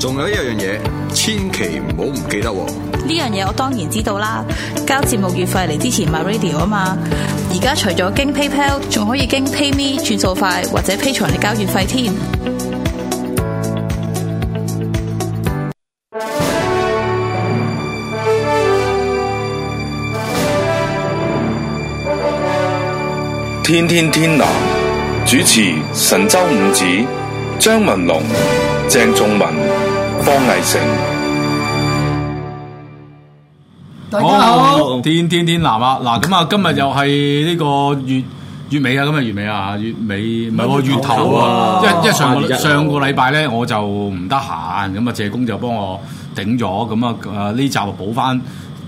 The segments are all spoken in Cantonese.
仲有一樣嘢，千祈唔好唔記得喎！呢樣嘢我當然知道啦，交節目月費嚟之前買 radio 啊嘛。而家除咗經 PayPal，仲可以經 PayMe 轉數快或者 Pay 財嚟交月費添。天天天籃主持：神州五子張文龍、鄭仲文。康城，大家好，天天天藍啊，嗱，咁啊，今日又係呢個月月尾啊，今日月尾啊，月尾唔係喎，是月頭啊，頭啊因為一上個一、啊、上個禮拜咧，我就唔得閒，咁啊，謝工就幫我頂咗，咁啊，呢集補翻。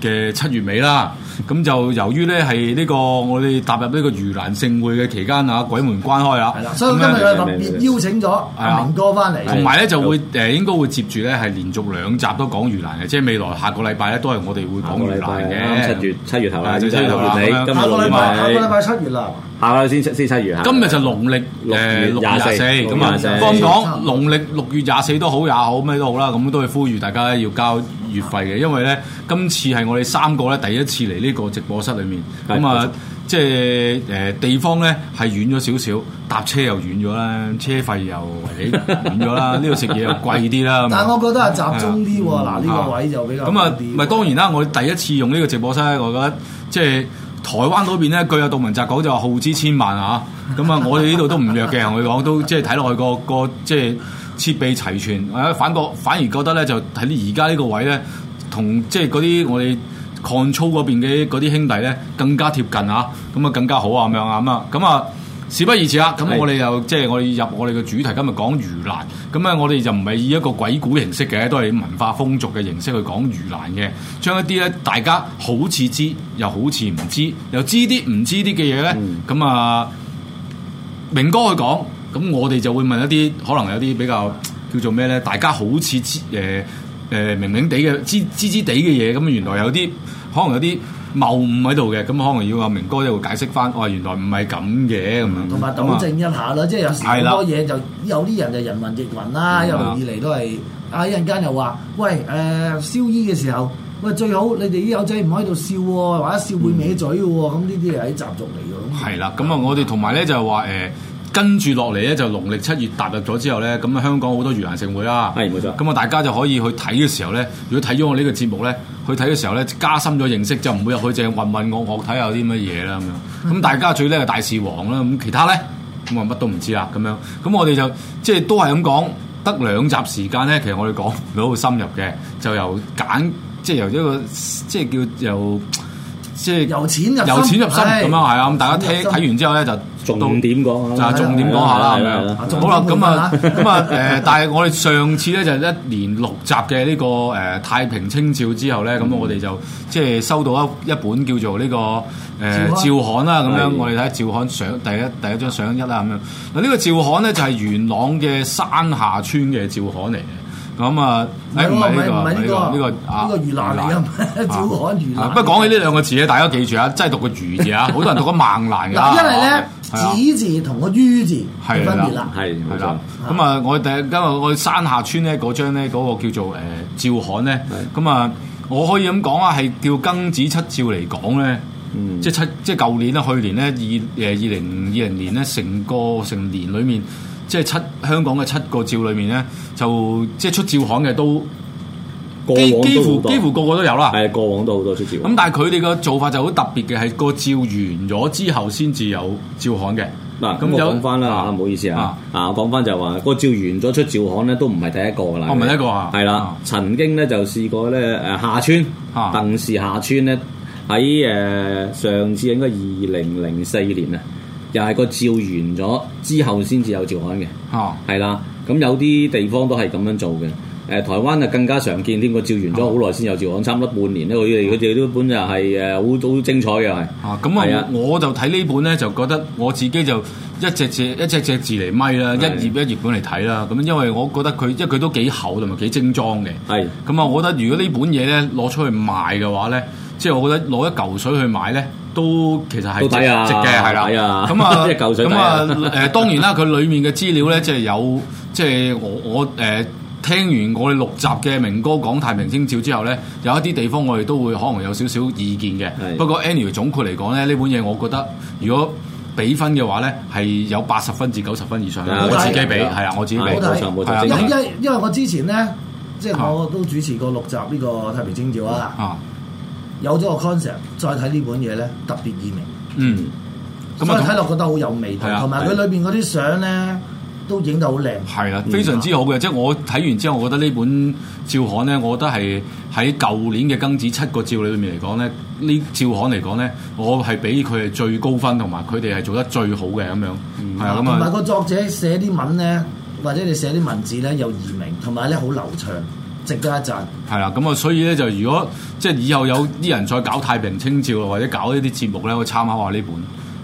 嘅七月尾啦，咁就由於咧係呢個我哋踏入呢個盂蘭盛會嘅期間啊，鬼門關開啦，所以今日咧特邀請咗明哥翻嚟，同埋咧就會誒應該會接住咧係連續兩集都講盂蘭嘅，即係未來下個禮拜咧都係我哋會講盂蘭嘅七月，七月頭啊，即係頭尾。今下個禮拜，下個禮拜七月啦，下個先先七月下，今日就農曆誒六廿四，咁啊剛剛講農曆六月廿四都好，也好，咩都好啦，咁都去呼籲大家要交。月費嘅，因為咧，今次係我哋三個咧第一次嚟呢個直播室裏面，咁啊，即係誒地方咧係遠咗少少，搭車又遠咗啦，車費又遠咗啦，呢度食嘢又貴啲啦。但係我覺得係集中啲喎，嗱呢、嗯嗯、個位就比較咁、嗯、啊，咪、嗯啊、當然啦，我哋第一次用呢個直播室，我覺得即係、就是、台灣嗰邊咧，據阿杜汶澤講就話耗資千萬啊，咁、 嗯、啊，我哋呢度都唔弱嘅，我哋講都即係睇落去個個即係。設備齊全，我反覺反而覺得咧，就喺啲而家呢個位咧，同即係嗰啲我哋抗操嗰邊嘅嗰啲兄弟咧，更加貼近啊，咁啊，更加好啊，咁樣啊，咁啊，咁啊事不宜遲啊，咁是我哋又即係我哋入我哋嘅主題今，今日講盂蘭，咁啊我哋就唔係以一個鬼古形式嘅，都係文化風俗嘅形式去講盂蘭嘅，將一啲咧大家好似知又好似唔知又知啲唔知啲嘅嘢咧，咁、嗯、啊明哥去講。咁我哋就會問一啲可能有啲比較叫做咩咧？大家好似誒誒明明地嘅知知知地嘅嘢，咁原來有啲可能有啲謬誤喺度嘅，咁可能要阿明哥又會解釋翻，哇原來唔係咁嘅，咁同埋糾正一下啦，即係有時好多嘢就有啲人就人云亦云啦，一路以嚟都係啊，一陣間又話，喂誒燒衣嘅時候，喂最好你哋啲友仔唔可以喺度笑喎，或者笑會歪嘴喎，咁呢啲係喺習俗嚟嘅。係啦，咁啊我哋同埋咧就係話誒。跟住落嚟咧，就農曆七月踏入咗之後咧，咁啊香港好多盂蘭勝會啦，係冇錯。咁啊大家就可以去睇嘅時候咧，如果睇咗我呢個節目咧，去睇嘅時候咧，加深咗認識就唔會入去淨係渾渾噩噩睇下有啲乜嘢啦咁樣。咁大家最叻係大事王啦，咁其他咧咁啊乜都唔知啊咁樣。咁我哋就即係都係咁講，得兩集時間咧，其實我哋講唔到好深入嘅，就由簡即係由一個即係叫由。即係由淺入由淺入深咁樣係啊！咁大家聽睇完之後咧，就重點講，就係重點講下啦，係咪好啦，咁啊，咁啊，誒，但係我哋上次咧就一年六集嘅呢個誒太平清醮之後咧，咁我哋就即係收到一一本叫做呢個誒醮刊啦，咁樣我哋睇下醮刊相第一第一張相一啦，咁樣嗱呢個醮刊咧就係元朗嘅山下村嘅醮刊嚟嘅。咁啊，唔係呢個，呢個啊，呢個盂蘭嚟嘅，趙漢盂蘭。不過講起呢兩個字咧，大家記住啊，真係讀個盂字啊，好多人讀咗孟蘭嘅。因為咧，子字同個於字係分別啦，係係啦。咁啊，我第一，因為我山下村咧嗰張咧嗰個叫做誒趙漢咧，咁啊，我可以咁講啊，係叫庚子七照嚟講咧，即係七，即係舊年咧，去年咧，二誒二零二零年咧，成個成年裏面。即係七香港嘅七個照裏面咧，就即係出照行嘅都，幾幾乎幾乎個個都有啦。係過往都好多出照行。咁、嗯、但係佢哋嘅做法就好特別嘅，係個照完咗之後先至有照行嘅。嗱咁那我講翻啦，唔、啊、好意思啊。嗱、啊啊、我講翻就話個照完咗出照行咧，都唔係第一個噶啦。我唔係第一個的啊。係啦，曾經咧就試過咧，誒廈村，吓鄧、啊、氏廈村咧喺誒上次應該二零零四年啊。又係個照完咗之後先至有照刊嘅，哦、啊，係啦，咁有啲地方都係咁樣做嘅。誒、呃，台灣就更加常見添，個照完咗好耐先有照刊，啊、差唔多半年咧。我哋佢哋呢本就係誒好好精彩嘅係。啊，咁啊，的我就睇呢本咧就覺得我自己就一隻字一隻，隻，隻字字嚟咪啦，的一頁一頁本嚟睇啦。咁因為我覺得佢，因為佢都幾厚同埋幾精裝嘅。係的。咁啊，我覺得如果呢本嘢咧攞出去賣嘅話咧，即、就、係、是、我覺得攞一嚿水，水去買咧。都其實係值嘅，係啦。咁啊，即係舊水咁啊，誒當然啦，佢裡面嘅資料咧，即係有，即係我我誒聽完我哋六集嘅明哥講《太平清照》之後咧，有一啲地方我哋都會可能有少少意見嘅。不過 Anyway 總括嚟講咧，呢本嘢我覺得，如果比分嘅話咧，係有八十分至九十分以上啦。我自己俾，係啊，我自己俾。因為因為我之前咧，即係我都主持過六集呢個《太平清照》啊。有咗個 concept，再睇呢本嘢咧，特別易明，咁、嗯、所以睇落覺得好有味道，同埋佢裏邊嗰啲相咧，都影得好靚，係啦的，來非常之好嘅。即係我睇完之後，我覺得本趙呢本照刊咧，我覺得係喺舊年嘅庚子七個照裏面嚟講咧，趙講呢照刊嚟講咧，我係畀佢最高分，同埋佢哋係做得最好嘅咁樣，係啊，同埋個作者寫啲文咧，或者你寫啲文字咧，又易明，同埋咧好流暢。值得一陣，係啦，咁 啊，所以咧就如果即係以後有啲人再搞太平清醮或者搞呢啲節目咧，我參考下呢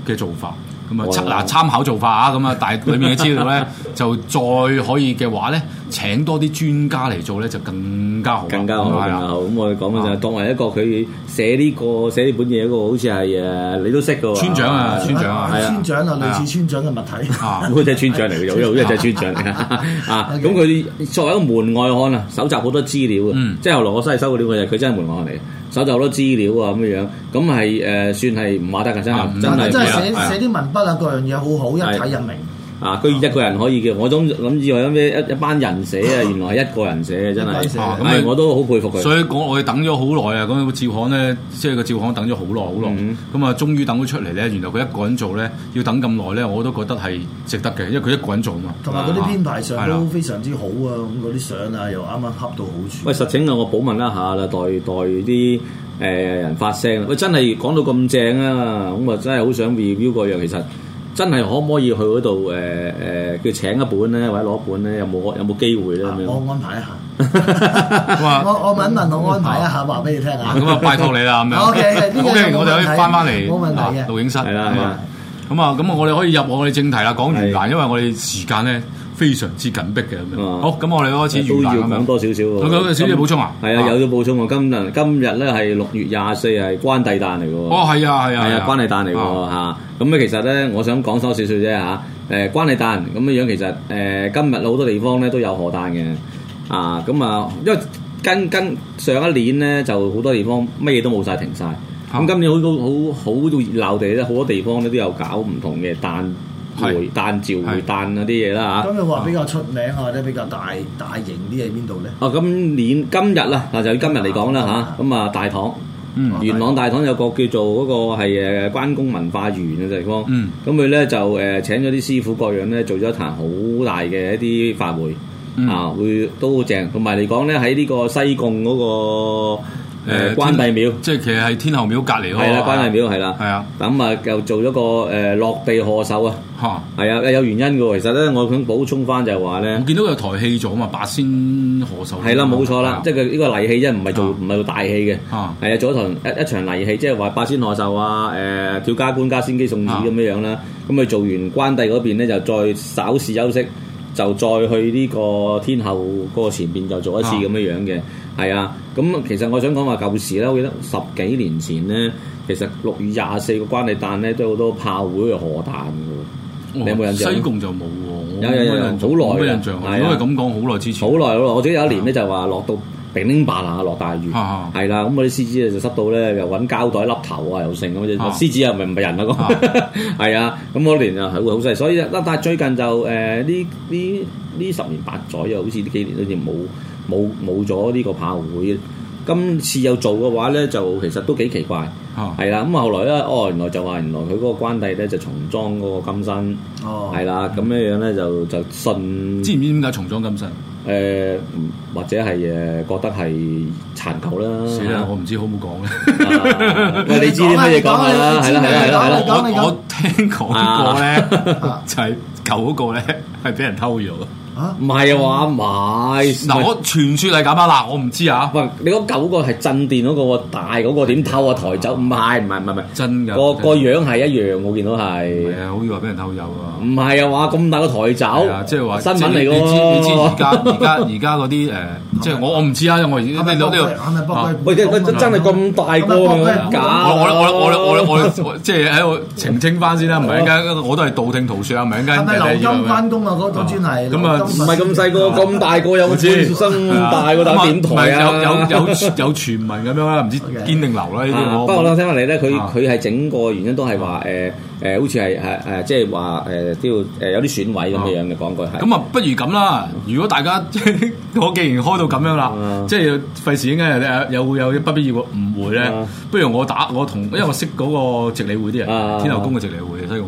本嘅做法，咁啊，嗱、 哎、參考做法啊，咁、嗯、啊，但係裏面嘅資料咧 就再可以嘅話咧。請多啲專家嚟做咧，就更加好。更加好。咁我哋講翻就當為一個佢寫呢個寫呢本嘢一個，好似係誒你都識嘅喎。村長啊，村長啊，係啊，村長啊，類似村長嘅物體啊，佢就村長嚟嘅，有因為佢就係村長啊。咁佢作為一個門外漢啊，搜集好多資料嘅，即係後來我真係收嘅料嘅就佢真係門外漢嚟，搜集好多資料啊咁樣樣，咁係誒算係唔話得嘅真係，真係寫寫啲文筆啊各樣嘢好好一睇一明！啊！居然一個人可以嘅，我都諗以為，咩一一班人寫啊，原來係一個人寫嘅，真係，係、啊嗯、我都好佩服佢。所以講我哋等咗好耐啊！咁個照行咧，即係個照行等咗好耐好耐，咁啊、嗯，終於等到出嚟咧。原來佢一個人做咧，要等咁耐咧，我都覺得係值得嘅，因為佢一個人做啊嘛。同埋嗰啲編排上、啊、都非常之好啊！咁嗰啲相啊，又啱啱恰到好處。喂，實情啊，我保問一下啦，代代啲誒人發聲啦。喂，真係講到咁正啊！咁啊，真係好想被邀個約，其實。真係可唔可以去嗰度？誒誒，叫請一本咧，或者攞一本咧，有冇有冇機會咧？咁樣我安排一下。我我問問我安排一下，話俾你聽吓。咁啊，拜託你啦。咁樣 OK，我哋可以返返嚟，冇問題啊。錄影室係啦，咁啊，咁啊，我哋可以入我哋正題啦，講盂蘭，因為我哋時間咧。非常之緊迫嘅咁樣，啊、好，咁我哋開始都要講多少少。有少少補充啊？係啊，有咗補充今，今日今日咧係六月廿四係關帝誕嚟嘅喎。哦，係啊，係啊，係啊，關帝誕嚟嘅喎嚇。咁咧其實咧，我想講多少少啫嚇。誒，關帝誕咁嘅樣，其實誒今日好多地方咧都有賀誕嘅啊。咁啊，因為跟跟上一年咧，就好多地方乜嘢都冇晒，停晒、啊。咁、啊、今年好好好好熱鬧地咧，好多地方咧都有搞唔同嘅誕。回彈、趙回彈嗰啲嘢啦嚇。咁你話比較出名、嗯、或者比較大大型啲喺邊度咧？哦、啊，今年今日啦，啊，就今日嚟講啦嚇，咁啊大堂，嗯、元朗大堂有個叫做嗰個係誒關公文化園嘅地方。嗯，咁佢咧就誒、呃、請咗啲師傅各樣咧做咗一壇好大嘅一啲法會、嗯、啊，會都好正。同埋嚟講咧，喺呢個西貢嗰、那個。誒，關帝廟即係其實係天后廟隔籬咯。係啦，關帝廟係啦。係啊，咁啊又做咗個誒落地賀壽啊。吓係啊，有原因噶。其實咧，我想補充翻，就係話咧，我見到佢有台戲做啊嘛，八仙賀壽。係啦，冇錯啦，即係佢呢個例戲啫，唔係做唔係做大戲嘅。吓係啊，做咗台一一場例戲，即係話八仙賀壽啊，誒跳加官、加仙姬送子咁樣樣啦。咁佢做完關帝嗰邊咧，就再稍事休息，就再去呢個天后嗰個前邊，就做一次咁樣樣嘅。係啊，咁其實我想講話舊時咧，我記得十幾年前咧，其實六月廿四個關帝誕咧，都好多炮會、賀誕嘅。你有冇印象？西貢就冇喎。有有有，好耐嘅。印象啊？因為咁講好耐之前。好耐好耐，我記得有一年咧就話落到頂白啊落大雨，係啦，咁我啲獅子啊就濕到咧，又揾膠袋笠頭啊，又剩咁。獅子又咪唔係人啊？係啊，咁嗰年啊好犀利，所以但最近就誒呢呢呢十年八載又好似呢幾年好似冇。冇冇咗呢個炮會，今次又做嘅話咧，就其實都幾奇怪，係啦。咁後來咧，哦，原來就話原來佢嗰個關帝咧就重裝嗰個金身，係啦，咁樣樣咧就就信。知唔知點解重裝金身？誒，或者係誒覺得係殘舊啦。死啦，我唔知好唔好講咧。喂，你知啲咩嘢講啊？係啦係啦係啦。我我聽講過咧，就係舊嗰個咧係俾人偷咗。唔係啊！話唔係嗱，我傳説係咁樣啦，我唔知啊。喂，你嗰九個係鎮店嗰個大嗰個點偷啊，抬走？唔係唔係唔係唔係真㗎。個個樣係一樣，我見到係。好似話俾人偷走啊。唔係啊，話咁大個抬走。即係話新聞嚟㗎。你知你知而家而家而家嗰啲誒，即係我我唔知啊。我而家你攞呢度。唔係真係咁大個假，我我我我我即係喺度澄清翻先啦。唔係應該，我都係道聽途説啊。唔係應該。係翻工啊？嗰個專係。咁啊！唔係咁細個，咁大個有咁大個大電台，唔係有有有有傳聞咁樣啦，唔知堅定流啦呢啲。不過啦，聽落嚟咧，佢佢係整個原因都係話誒。誒好似係係係，即係話誒都要誒有啲損毀咁嘅樣嘅講句，咁啊不如咁啦！如果大家即係我既然開到咁樣啦，即係費事應該有有會有不必要嘅誤會咧，不如我打我同，因為我識嗰個值理會啲人，天后宮嘅值理會，所以咁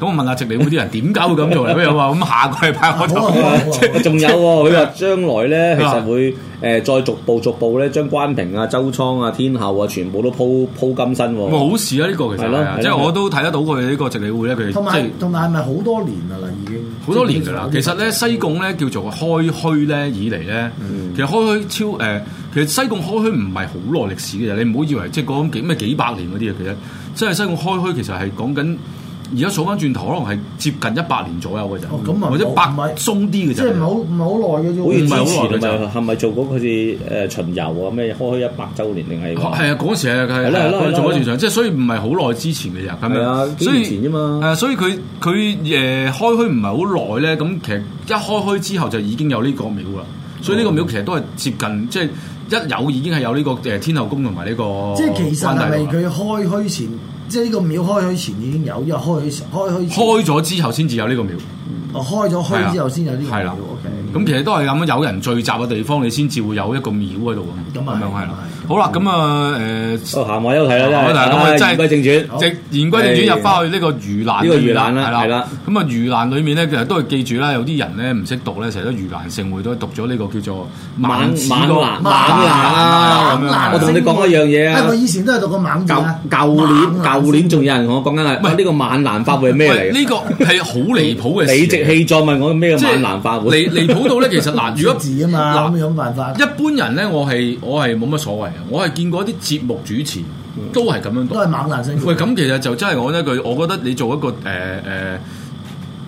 我問下值理會啲人點解會咁做咧？不如話咁下個禮拜我就，即係仲有喎，佢話將來咧其實會。誒，再逐步逐步咧，將關平啊、周倉啊、天后啊，全部都鋪鋪金身喎。好事啊！呢、呢個其實係即係我都睇得到佢呢個值理會咧。同埋同埋係咪好多年啊？啦已經好多年㗎啦。其實咧，西貢咧叫做開墟咧以嚟咧，嗯、其實開墟超誒、呃，其實西貢開墟唔係好耐歷史嘅。你唔好以為即係講幾咩幾百年嗰啲嘢。其實即係、就是、西貢開墟其實係講緊。而家數翻轉頭，可能係接近一百年左右嘅啫，哦、或者百米鬆啲嘅啫。即係唔好唔係好耐嘅。好唔係好耐嘅就係、是、咪做嗰啲誒巡遊啊？咩開墟一百周年定係？係啊，嗰時係係做咗轉場，即係、啊啊啊啊啊啊、所以唔係好耐之前嘅咋。咁樣。所以前啫、啊、嘛。係所以佢佢誒開墟唔係好耐咧。咁其實一開墟之後就已經有呢個廟啦。所以呢個廟其實都係接近，即、就、係、是、一有已經係有呢個誒天后宮同埋呢個。即係其實係佢開墟前？即係呢個廟開開前已經有，因為開開開開咗之後先至有呢個廟。我開咗墟之後先有啲廟 OK。咁其實都係咁，有人聚集嘅地方，你先至會有一個廟喺度啊。咁樣係啦。好啦，咁啊誒，閒話休提啦。咁啊，言歸正傳，言歸正傳，入翻去呢個盂蘭呢個盂蘭啦，係啦。咁啊盂蘭裡面咧，其實都係記住啦。有啲人咧唔識讀咧，成日都盂蘭盛會，都讀咗呢個叫做猛猛蘭啦，蘭啊！我同你講一樣嘢啊，我以前都係讀個猛字啊。舊年舊年仲有人同我講緊係，喂，呢個猛蘭發會係咩嚟？呢個係好離譜嘅。理直氣壯問我咩猛男化，離離譜到咧，其實嗱，如果字啊嘛，冧樣辦法。一般人咧，我係我係冇乜所謂啊。我係見過啲節目主持都係咁樣都係猛男聲。喂，咁其實就真係我一句，我覺得你做一個誒誒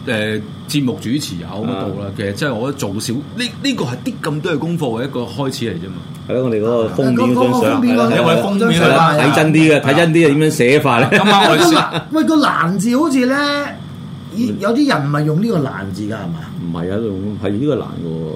誒節目主持人啦，其實真係我覺得做少呢呢個係啲咁多嘅功課嘅一個開始嚟啫嘛。喺我哋嗰個封面張相，睇真啲嘅，睇真啲啊，點樣寫法咧？咁啱，喂，個難字好似咧。有啲人唔係用呢個藍字㗎係嘛？唔係啊，用係呢個藍嘅喎。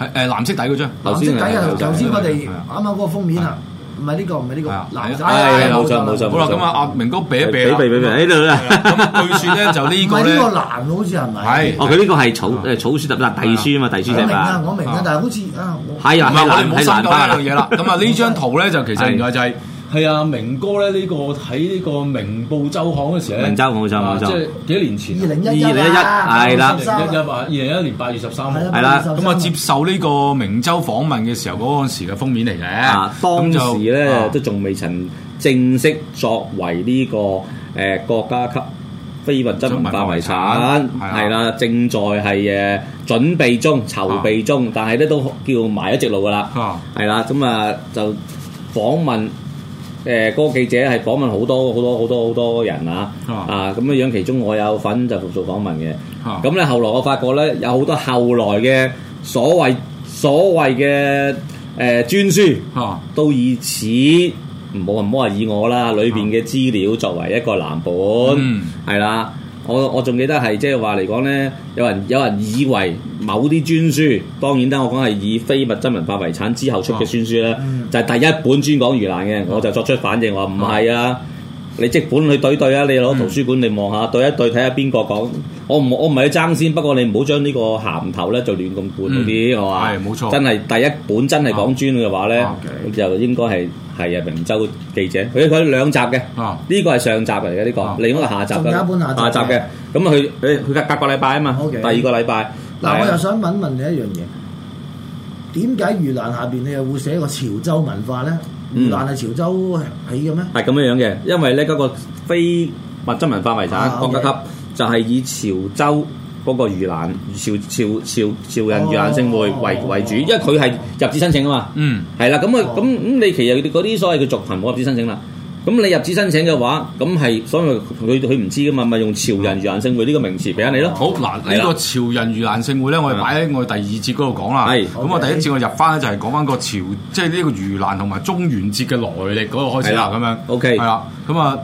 係誒藍色底嗰張。藍色底啊，頭先我哋啱啱嗰個封面啊，唔係呢個，唔係呢個藍。係冇錯，冇錯。好啦，咁啊，阿明哥避一避啦，避、避、避呢度啦。咁據説咧就呢個呢個藍好似係咪？係。哦，佢呢個係草誒草書立隸書啊嘛，隸書我明啊，我明啊，但係好似啊，係啊，我哋冇藍到一樣嘢啦。咁啊，呢張圖咧就其實。係啊，明哥咧呢個喺呢個明報周刊嘅時候咧，明週訪問啊，即係幾年前，二零一一，係啦，二零一一二零一一年八月十三號，係啦。咁我接受呢個明周訪問嘅時候，嗰陣時嘅封面嚟嘅，當時咧都仲未曾正式作為呢個誒國家級非物質文化遺產，係啦，正在係誒準備中、籌備中，但係咧都叫埋一隻路噶啦，係啦，咁啊就訪問。誒嗰、呃那個記者係訪問好多好多好多好多人啊，啊咁、啊、樣，其中我有份就做訪，訪問嘅。咁咧、啊、後來我發覺咧，有好多後來嘅所謂所謂嘅誒、呃、專書，啊、都以此唔好唔好話以我啦裏邊嘅資料作為一個藍本，係、嗯、啦。我我仲記得係即係話嚟講咧，有人有人以為某啲專書，當然啦我講係以非物質文化遺產之後出嘅專書啦，啊嗯、就係第一本專講盂蘭嘅，啊、我就作出反應話唔係啊！啊你即本去對對啊！你攞圖書館你望下對一對睇下邊個講，我唔我唔係去爭先，不過你唔好將呢個銜頭咧就亂咁搬啲，係嘛、嗯？我話真係第一本真係講專嘅話咧，啊 okay. 就應該係。係啊，明州記者，佢佢兩集嘅，呢、啊、個係上集嚟嘅呢個，啊、另一個下集嘅，一下集嘅，咁佢佢隔隔個禮拜啊嘛，Okay. 第二個禮拜。嗱，我又想問問你一樣嘢，點解、嗯《盂蘭》下邊你又會寫個潮州文化咧？盂蘭係潮州起嘅咩？係咁樣樣嘅，因為咧嗰、那個非物質文化遺產國家級、啊 okay. 就係以潮州。嗰個盂蘭潮潮潮潮人盂蘭聖會為為主，因為佢係入資申請啊嘛，嗯，係啦，咁啊，咁咁你其實嗰啲所謂嘅族群冇入資申請啦，咁你入資申請嘅話，咁係所以佢佢唔知噶嘛，咪、就是、用潮人盂蘭聖會呢個名詞俾翻你咯。好嗱，呢個潮人盂蘭聖會咧，我哋擺喺我哋第二節嗰度講啦。係，咁、okay, 我第一節我入翻就係、是、講翻個潮」，即係呢個盂蘭同埋中元節嘅來歷嗰度開始啦，咁樣的。O Okay , K。係啦，咁、嗯、啊。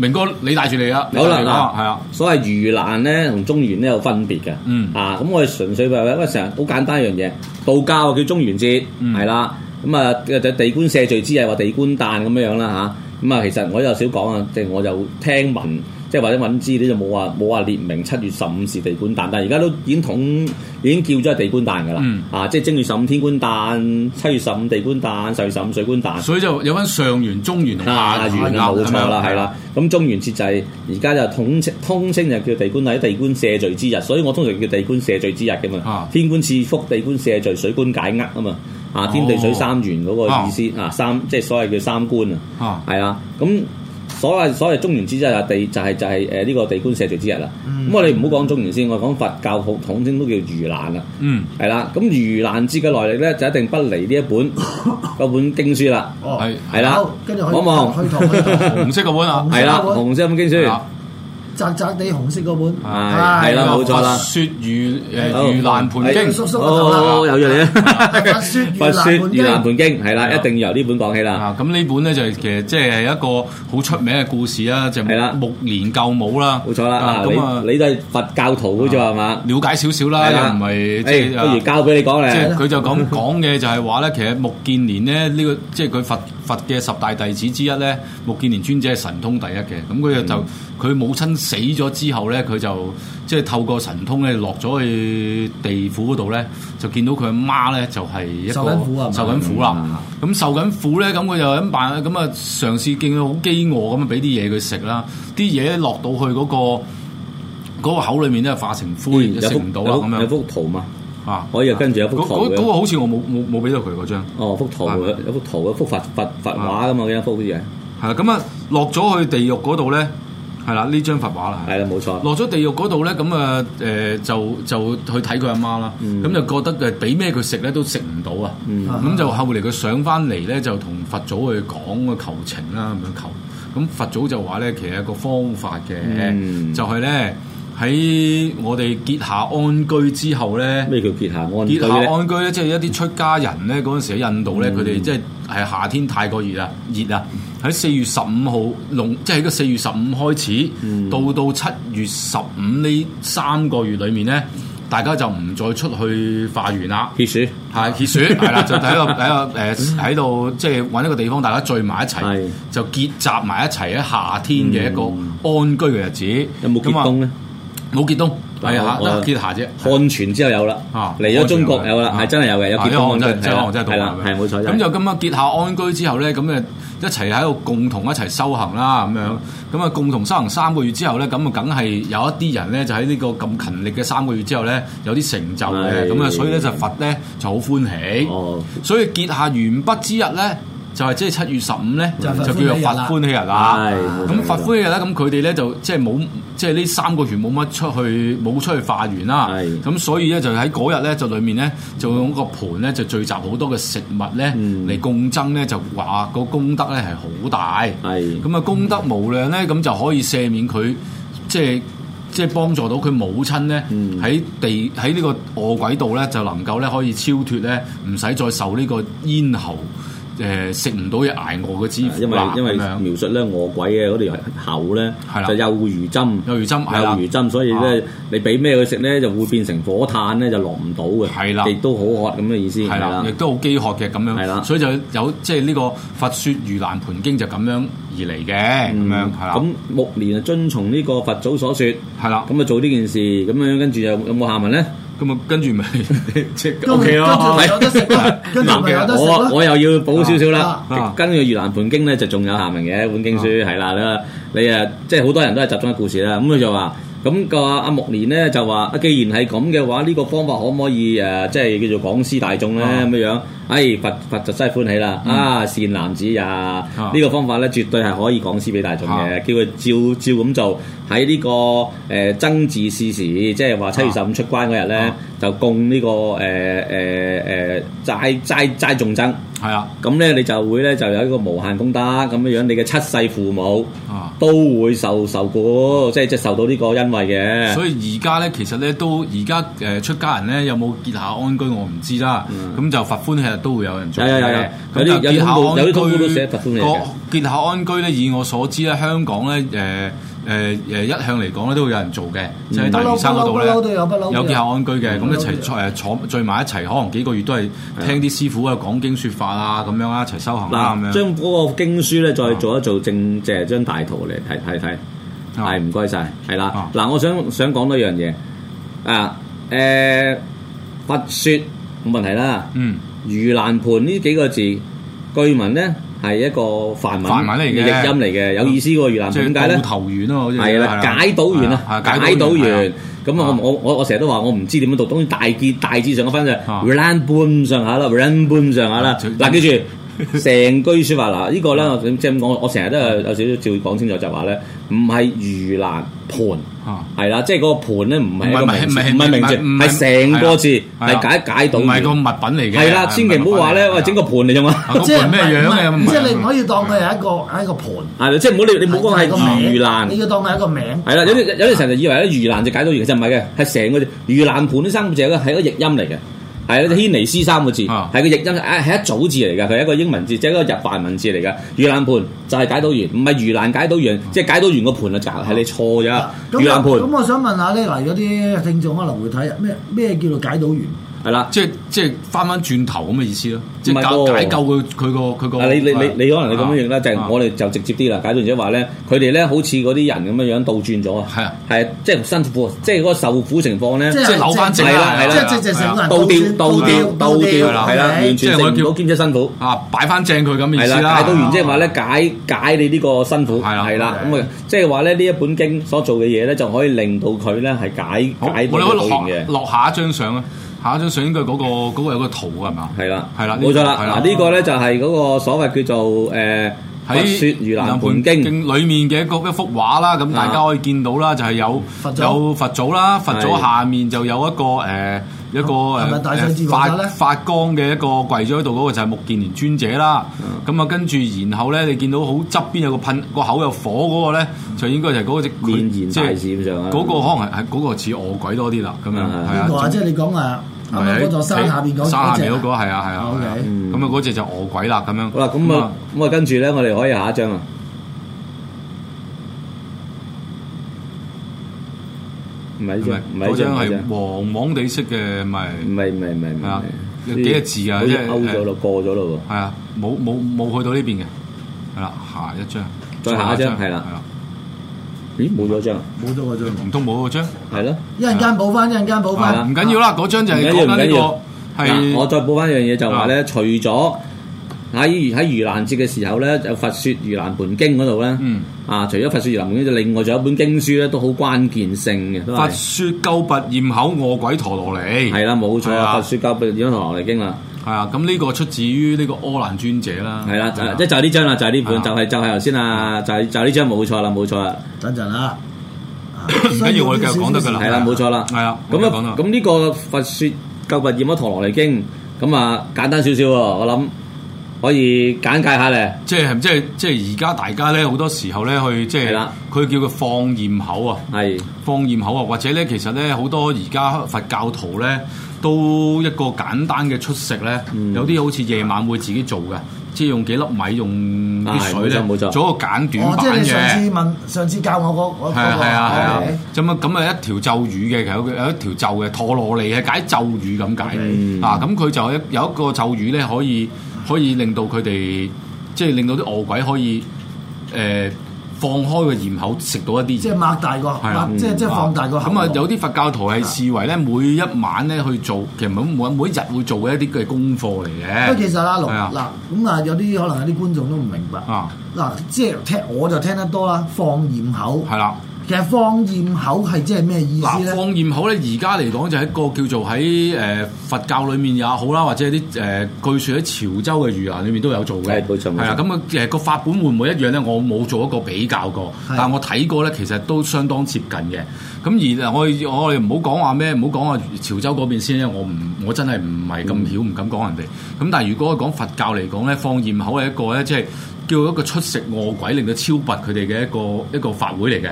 明哥，你帶住嚟啦，你你好難啊，啊啊所謂盂蘭呢，同中元呢有分別嘅，嗯，啊，咁我係純粹話，因為成日好簡單一樣嘢，道教叫中元節，係啦、嗯，咁啊，就地官赦罪之日，話地官誕咁樣樣啦嚇，咁啊，啊，其實我又少講啊，即係我就聽聞。即係或者揾，知你就冇話冇話列明七月十五是地官誕，但係而家都已經統已經叫咗係地、嗯啊就是地官誕噶啦，啊即係正月十五天官誕，七月十五地官誕，十月十五水官誕，所以就有分上元、中元、就是下元冇錯啦，係啦吧。咁中元節就係而家就統稱統稱就叫地官啊，地官赦罪之日，所以我通常叫地官赦罪之日噶嘛。啊、天官賜福，地官赦罪，水官解厄啊嘛。啊，天地水三元嗰個意思啊，啊，三即係所謂叫三官啊，係啊，咁、啊。所話所謂中元之日地就係、是、就係誒呢個地官赦罪之日啦。咁、嗯、我哋唔好講中元先，我講佛教統稱都叫盂蘭啦。嗯，係啦。咁盂蘭節嘅來歷咧，就一定不離呢一本 本經書啦。哦，係係啦。好，跟住可唔可紅色嗰本啊？係啦，紅色本經書。窄窄地紅色嗰本，係啦，冇錯啦，《佛說盂誒盂蘭盆經》，好好好，有嘢啊，《佛說盂蘭盆經》，係啦，一定要由呢本講起啦。啊，咁呢本咧就係其實即係一個好出名嘅故事啊，就係目連救母啦。冇錯啦，咁啊，你都係佛教徒嘅啫，係嘛？瞭解少少啦，又唔係即係。不如交俾你講嚟。即係佢就咁講嘅，就係話咧，其實目犍連咧呢個即係佢佛。佛嘅十大弟子之一咧，目犍連尊者係神通第一嘅。咁佢就就佢、嗯、母親死咗之後咧，佢就即係透過神通咧落咗去地府嗰度咧，就見到佢阿媽咧就係、是、一個受緊苦啊，受緊苦啦。咁、嗯、受緊苦咧，咁佢就咁辦，咁啊嘗試見佢好飢餓咁啊，俾啲嘢佢食啦。啲嘢落到去嗰、那個那個口裏面咧，化成灰就食唔到啦咁有樣。啊！可以又的跟住有幅圖嗰個好似我冇冇冇俾到佢嗰張。哦，圖的幅圖有幅圖有一幅佛佛佛畫嘅嘛，嗰張幅好似係。係啊，咁啊落咗去地獄嗰度咧，係啦，呢張佛畫啦。係啦，冇錯。落咗地獄嗰度咧，咁啊誒就就去睇佢阿媽啦。咁、嗯、就覺得誒俾咩佢食咧都食唔到啊。咁、嗯、就後嚟佢上翻嚟咧，就同佛祖去講個求情啦咁樣求。咁佛祖就話咧，其實有一個方法嘅，嗯、就係咧。喺我哋結夏安居之後咧，咩叫結夏安居咧？結夏安居咧，即、就、係、是、一啲出家人咧，嗰陣時喺印度咧，佢哋即係係夏天太過熱啊，熱啊！喺四月十五號，農即係喺個四月十五開始，嗯、到到七月十五呢三個月裡面咧，大家就唔再出去化緣啦。結雪係結雪，係啦， 就喺度喺度誒，喺度即係揾一個地方，大家聚埋一齊，嗯、就結集埋一齊喺夏天嘅一個安居嘅日子。嗯、有冇結冰？冇結冬，係啊，得結下啫。漢傳之後有啦，嚟咗中國有啦，係真係有嘅，有結冬漢真係真係，真係同埋。係冇錯。咁就咁樣，結下安居之後咧，咁誒一齊喺度共同一齊修行啦，咁樣咁啊，共同修行三個月之後咧，咁啊，梗係有一啲人咧，就喺呢個咁勤力嘅三個月之後咧，有啲成就嘅，咁啊，所以咧就佛咧就好歡喜。哦，所以結下完畢之日咧，就係即係七月十五咧，就叫作法、哎哎、法歡喜日啦。咁法歡喜日咧，咁佢哋咧就即係冇即係呢三個月冇乜出去冇出去化緣啦。咁、哎、所以咧就喺嗰日咧就裡面咧就用個盤咧就聚集好多嘅食物咧嚟、嗯、供僧咧就話個功德咧係好大。咁啊、哎、功德無量咧，咁就可以赦免佢即係即係幫助到佢母親咧喺地喺呢個餓鬼道咧，就能夠咧可以超脫咧，唔使再受呢個咽喉。誒食唔到嘢挨餓嘅滋味，因為因為描述咧餓鬼嘅嗰條喉咧就幼如針，幼如針，幼如針，所以咧、啊、你俾咩佢食咧，就會變成火炭咧，就落唔到嘅，係啦的，亦都好渴咁嘅意思，係啦，亦都好飢渴嘅咁樣，係啦的，所以就有即係呢個《佛説盂蘭盆經》就咁樣而嚟嘅咁樣，係啦。咁木蓮就遵從呢個佛祖所説，係啦，咁啊做呢件事，咁樣跟住有有冇下文咧？咁啊，跟住咪 O K 咯，有得食，我我又要補少少啦。啊、跟住越南盆經咧，就仲有下文嘅《本經書，係、啊、啦，啦，啦。你啊，即係好多人都係集中喺故事啦。咁佢就話。咁個阿目連咧就話，既然係咁嘅話，呢、這個方法可唔可以誒，即、呃、係叫做廣施大眾呢？咁樣？唉、哎，佛佛就真係歡喜啦！啊，善男子呀、啊，呢、嗯、個方法呢，絕對係可以廣施俾大眾嘅，嗯、叫佢照照咁做，喺呢、這個誒僧自恣時，即係話七月十五出關嗰日咧。嗯嗯嗯就供呢、這個誒誒誒齋齋齋眾僧係啊，咁咧的你就會咧就有一個無限功德咁樣樣，你嘅七世父母啊都會受受過，啊、即係即係受到呢個恩惠嘅。所以而家咧，其實咧都而家誒出家人咧有冇結下安居，我唔知啦。咁就佛歡喜其實都會有人做有有有有。啲有有啲官都寫佛歡喜嘅。結下安居咧，以我所知咧，香港咧誒。呃誒誒、呃、一向嚟講咧都會有人做嘅，即係、嗯、大嶼山嗰度咧有結夏安居嘅，咁一齊誒坐聚埋一齊，可能幾個月都係聽啲師傅啊講經説法啊咁的樣啊，一齊修行啦咁樣。嗱，將嗰個經書咧再做一做正，啊、正係張大圖嚟睇睇睇。係唔該晒。係啦。嗱，我想想講多一樣嘢。啊誒、呃，佛説冇問題啦。嗯，盂蘭盆呢幾個字句文咧？係一個梵文梵文譯音嚟嘅，有意思喎！盂蘭點解咧？解倒懸啊，好似係啦。解倒懸啊，解倒懸。咁啊，我我我成日都話我唔知點樣讀，當然大結大致上嘅分就：Run 盂蘭盆上下啦，盂蘭盆上下啦。嗱，記住成句説話嗱，呢個咧即係咁我成日都有少少照講清楚就係話咧，唔係盂蘭盆，係啦，即係嗰個盆咧唔係一個名，唔係名詞，係成個字係解解倒懸，唔係個物品嚟嘅。係啦，千祈唔好話咧，喂，整個盆嚟用啊。即係咩樣？即係你唔可以當佢係一個係一個盆。係，即係唔好你你唔好講係個盂蘭，你要當佢係一個名。係啦，有啲有啲成日以為咧盂蘭就解倒懸，其實唔係嘅，係成個盂蘭盆呢三個字係一個譯音嚟嘅，係呢個軒尼詩三個字，係個譯音，係一組字嚟嘅，係一個英文字，即係一個日文文字嚟嘅。盂蘭盆就係解倒懸，唔係盂蘭解倒懸，即係解倒懸個盆啊，係你錯咗。盂蘭盆。咁我想問下呢，嗱，嗰啲聽眾可能會睇咩咩叫做解倒懸？係啦，即係即係翻翻轉頭咁嘅意思咯，即係解解救佢佢個佢個。你你你你可能你咁樣啦，就係我哋就直接啲啦，解到然之係話咧，佢哋咧好似嗰啲人咁嘅樣倒轉咗啊，係啊，係啊，即係辛苦，即係嗰個受苦情況咧，即係扭翻正啦，係啦，即係即係成個人倒掉倒掉倒掉，係啦，完全受唔到兼且辛苦啊，擺翻正佢咁意思啦。解到完即係話咧解解你呢個辛苦，係啦，咁啊，即係話咧呢一本經所做嘅嘢咧就可以令到佢咧係解解到苦嘅，落下一張相啊。下一張相應該係嗰個，嗰個有個圖嘅係咪啊？係啦的，係啦的，冇錯啦。嗱，呢個咧就係嗰個所謂叫做誒。呃喺《盂蘭盆經》裡面嘅一個一幅畫啦，咁大家可以見到啦，嗯、就係有佛祖有佛祖啦，佛祖下面就有一個誒、呃、一個誒發光嘅一個跪咗喺度嗰個就係、是、目犍連尊者啦。咁啊、嗯，跟住然後咧，你見到好側邊有個噴個口有火嗰、那個咧，就應該就係嗰隻面燃大士上嗰個可能係係嗰個似餓鬼多啲啦，咁樣係啊。即係、嗯、就你講啊。喺山下邊嗰隻，山下邊嗰個係啊係啊，咁啊嗰隻就餓鬼啦。咁樣嗱，咁啊咁啊，跟住咧，我哋可以下一張啊。唔係呢張，嗰張係黃黃地色嘅，唔係唔係唔係唔係，有幾多字啊？即係勾咗咯，過咗咯，係啊，冇冇冇去到呢邊嘅，係啦，下一張，再下一張，係啦。咦，冇咗張，冇咗我張，唔通冇嗰張？係咯，一陣間補翻，一陣間補翻。唔緊要啦，嗰張就係講緊一個係。我再補翻一樣嘢就話咧，除咗喺喺盂蘭節嘅時候咧，有《佛説盂蘭盆經》嗰度咧，啊，除咗《佛説盂蘭盆經》，就另外仲有一本經書咧，都好關鍵性嘅。佛説救拔焰口餓鬼陀羅尼。係啦，冇錯，《佛説救拔焰口陀羅尼經》啦。係啊，咁呢個出自於呢個柯蘭尊者啦。係啦，即係呢張啦，就呢本，就係就係頭先啊，就就呢張冇錯啦，冇錯啦。等陣啦，跟住我哋繼續講得噶啦。係啦，冇錯啦。係啊，咁啊，咁呢個佛説救拔焰口餓鬼陀羅尼經，咁啊簡單少少，我諗可以簡介下咧。即係即係即係而家大家咧，好多時候咧去即係，佢叫佢放焰口啊，係放焰口啊，或者咧，其實咧好多而家佛教徒咧。都一個簡單嘅出食咧，嗯、有啲好似夜晚會自己做嘅，嗯、即係用幾粒米用啲水咧，做錯做一個簡短版嘅。哦、即上次問，上次教我、嗰個我嗰啊，咁啊咁啊一條咒語嘅，有一有一條咒嘅陀羅尼係解咒語咁解嘅。咁佢 Okay.、啊、就有一有個咒語咧，可以可以令到佢哋即係令到啲餓鬼可以誒。呃放開個咽口，食到一啲嘢。即係擘大個，啊、即係即係放大個。咁、嗯、啊，啊，有啲佛教徒係視為咧，每一晚咧去做，啊、其實唔好每一日會做嘅一啲嘅功課嚟嘅。不過其實啦啊，龍嗱咁啊，有啲可能有啲觀眾都唔明白。嗱、啊，即係聽我就聽得多啦，放焰口。係啦、啊。其實放焰口係即係咩意思咧？嗱，放焰口咧，而家嚟講就係一個叫做喺誒佛教裏面也好啦，或者啲誒、呃、據說喺潮州嘅瑜伽裏面都有做嘅。係，冇錯，係啊。咁、那、誒個法本會唔會一樣咧？我冇做一個比較過，的但係我睇過咧，其實都相當接近嘅。咁而我我哋唔好講話咩，唔好講啊潮州嗰邊先啦。我唔，我真係唔係咁曉，唔、嗯、敢講人哋。咁但係如果講佛教嚟講咧，放焰口係一個咧，即、就、係、是、叫一個出食惡鬼，令到超拔佢哋嘅一個一個法會嚟嘅。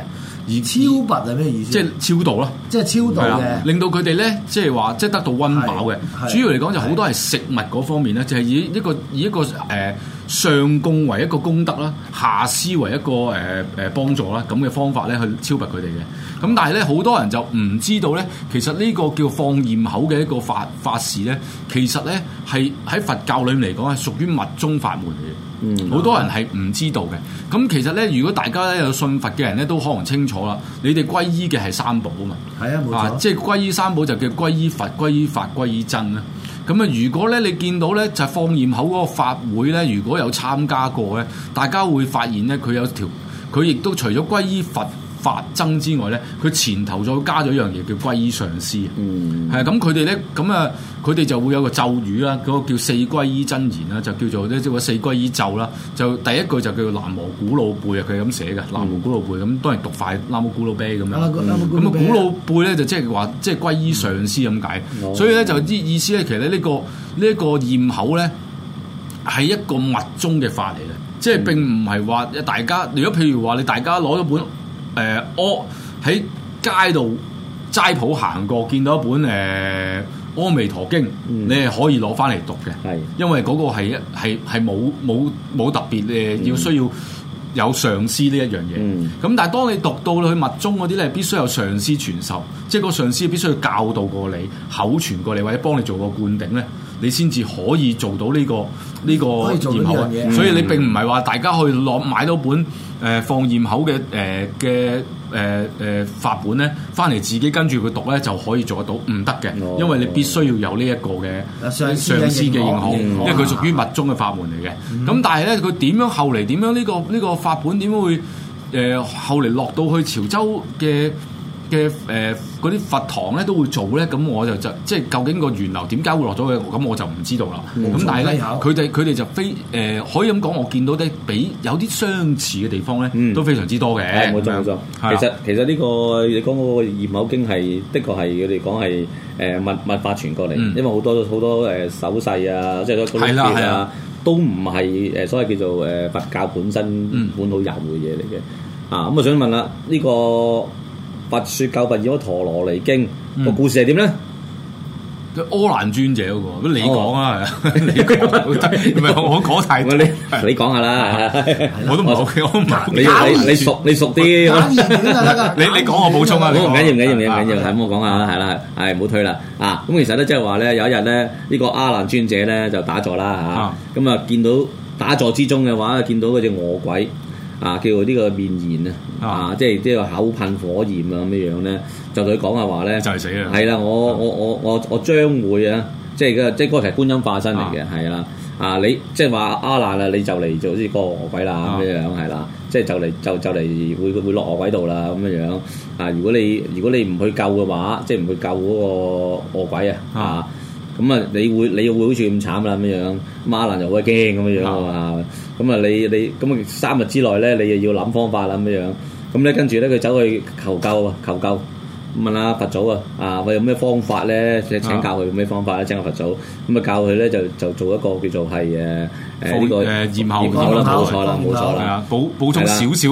而以超拔係咩意思？即係超度咯。即係超度嘅，令到佢哋咧，即係話即係得到温飽嘅。主要嚟講就好多係食物嗰方面咧，就係、是、以一個以一個誒、呃、上供為一個功德啦，下施為一個誒誒幫助啦，咁嘅方法咧去超拔佢哋嘅。咁但係咧，好多人就唔知道咧，其實呢個叫放焰口嘅一個法法事咧，其實咧係喺佛教裏面嚟講係屬於密宗法門嚟嘅。嗯，好多人係唔知道嘅，咁其實咧，如果大家咧有信佛嘅人咧，都可能清楚啦。你哋皈依嘅係三寶啊嘛，係啊，冇錯，啊，即係皈依三寶就叫皈依佛、皈依法、皈依僧啦。咁啊，如果咧你見到咧就係放焰口嗰個法會咧，如果有參加過咧，大家會發現咧佢有條，佢亦都除咗皈依佛。法僧之外咧，佢前頭再加咗一樣嘢叫皈依上師，係咁佢哋咧咁啊，佢哋、嗯嗯、就會有個咒語啦，嗰個叫四皈依真言啦，就叫做咧即係話四皈依咒啦。就第一句就叫南無古老貝啊，佢咁寫嘅，南無古老貝咁，當然讀快南無古老貝咁樣。咁啊，古老貝咧就即係話即係皈依上師咁解，嗯、所以咧就啲意思咧，其實呢、呢個呢一、呢個驗口咧係一個密宗嘅法嚟嘅，即係、嗯、並唔係話大家如果譬如話你大家攞咗本。誒，我喺、呃、街度齋鋪行過，見到一本誒、呃《阿彌陀經》，嗯、你係可以攞翻嚟讀嘅，的因為嗰個係一係係冇冇冇特別誒，要需要有上師呢一樣嘢。咁、嗯、但係當你讀到去密宗嗰啲，你必須有上師傳授，即係個上師必須要教導過你，口傳過你，或者幫你做個灌頂咧，你先至可以做到呢、這個。呢個驗口嘅嘢，所以你並唔係話大家去攞買到本誒、呃、放驗口嘅誒嘅誒誒法本咧，翻嚟自己跟住佢讀咧就可以做得到，唔得嘅，因為你必須要有呢一個嘅上師嘅認可，因為佢屬於密宗嘅法門嚟嘅。咁但係咧，佢點樣後嚟點樣呢、呢個呢、呢個法本點會誒、呃、後嚟落到去潮州嘅？嘅誒嗰啲佛堂咧都會做咧，咁我就就即係究竟個源流點解會落咗去？咁我就唔知道啦。咁但係咧，佢哋佢哋就非誒可以咁講，我見到咧比有啲相似嘅地方咧都非常之多嘅。冇錯冇錯，其實其實呢個你講嗰個《二寶經》係的確係佢哋講係誒物物化傳過嚟，因為好多好多誒手勢啊，即係嗰嗰啲啊，都唔係誒所謂叫做誒佛教本身本土人嘅嘢嚟嘅。啊，咁我想問啦呢個。佛說救拔焰口陀羅尼經個故事係點咧？柯蘭尊者嗰個，咁你講啊，係啊，唔係我講太多，你你講下啦，我都熟，我都熟，你你熟，你熟啲，你你講我補充啊，唔緊要，唔緊要，唔緊要，係咁我講下啦，係啦，係唔好推啦，啊，咁其實咧即係話咧，有一日咧，呢個阿蘭尊者咧就打坐啦，吓，咁啊見到打坐之中嘅話，見到嗰隻餓鬼。啊！叫做呢個面燃啊！啊！即係即係口噴火焰啊！咁樣樣咧，就佢講啊話咧，就係死啊！係啦，我我我我我將會啊！即係即係嗰個係觀音化身嚟嘅，係啦，啊！啊，你即係話阿娜難啊，你就嚟做呢個餓鬼啦咁樣樣，係啦，即係、啊、就嚟就就嚟會會落餓鬼度啦咁樣樣啊！如果你如果你唔去救嘅話，即係唔去救嗰個餓鬼啊，啊！啊！咁啊，你會你會好似咁慘啦咁樣樣，媽爛又會驚咁樣樣啊！咁啊，你你咁啊三日之內咧，你又要諗方法啦咁樣樣。咁咧跟住咧，佢走去求救啊，求救！咁問下佛祖啊，啊，我有咩方法咧？請請教佢有咩方法咧？請阿佛祖。咁啊教佢咧就就做一個叫做係誒誒誒焰口啦，冇錯啦，冇錯啦，補補充少少，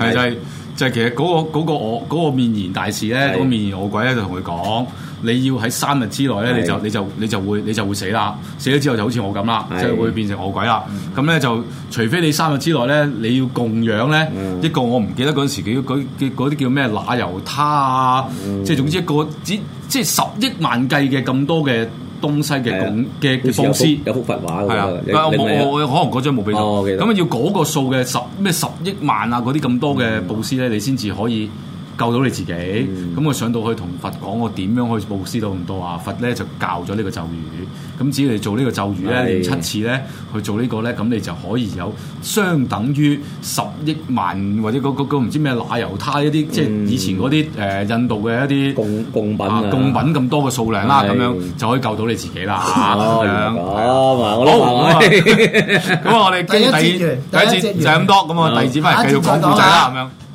係就係就係其實嗰個我嗰面燃大士咧，嗰個面燃惡鬼咧就同佢講。你要喺三日之內咧，你就你就你就會你就會死啦！死咗之後就好似我咁啦，即係會變成餓鬼啦。咁咧就除非你三日之內咧，你要供養咧一個我唔記得嗰陣時叫啲叫咩那由他啊，即係總之一個只即係十億萬計嘅咁多嘅東西嘅供嘅佈施，有幅佛畫係啊，我我可能嗰張冇俾到。咁要嗰個數嘅十咩十億萬啊嗰啲咁多嘅佈施咧，你先至可以。救到你自己，咁我上到去同佛講，我點樣可以布施到咁多啊？佛咧就教咗呢個咒語，咁只要你做呢個咒語咧，你七次咧，去做呢個咧，咁你就可以有相等於十億萬或者嗰嗰唔知咩奶油胎。一啲，即係以前嗰啲誒印度嘅一啲供供品啊，供品咁多嘅數量啦，咁樣就可以救到你自己啦。咁樣咁啊，好，我哋第一第一節就咁多，咁我第二節翻嚟繼續講故仔啦，咁樣。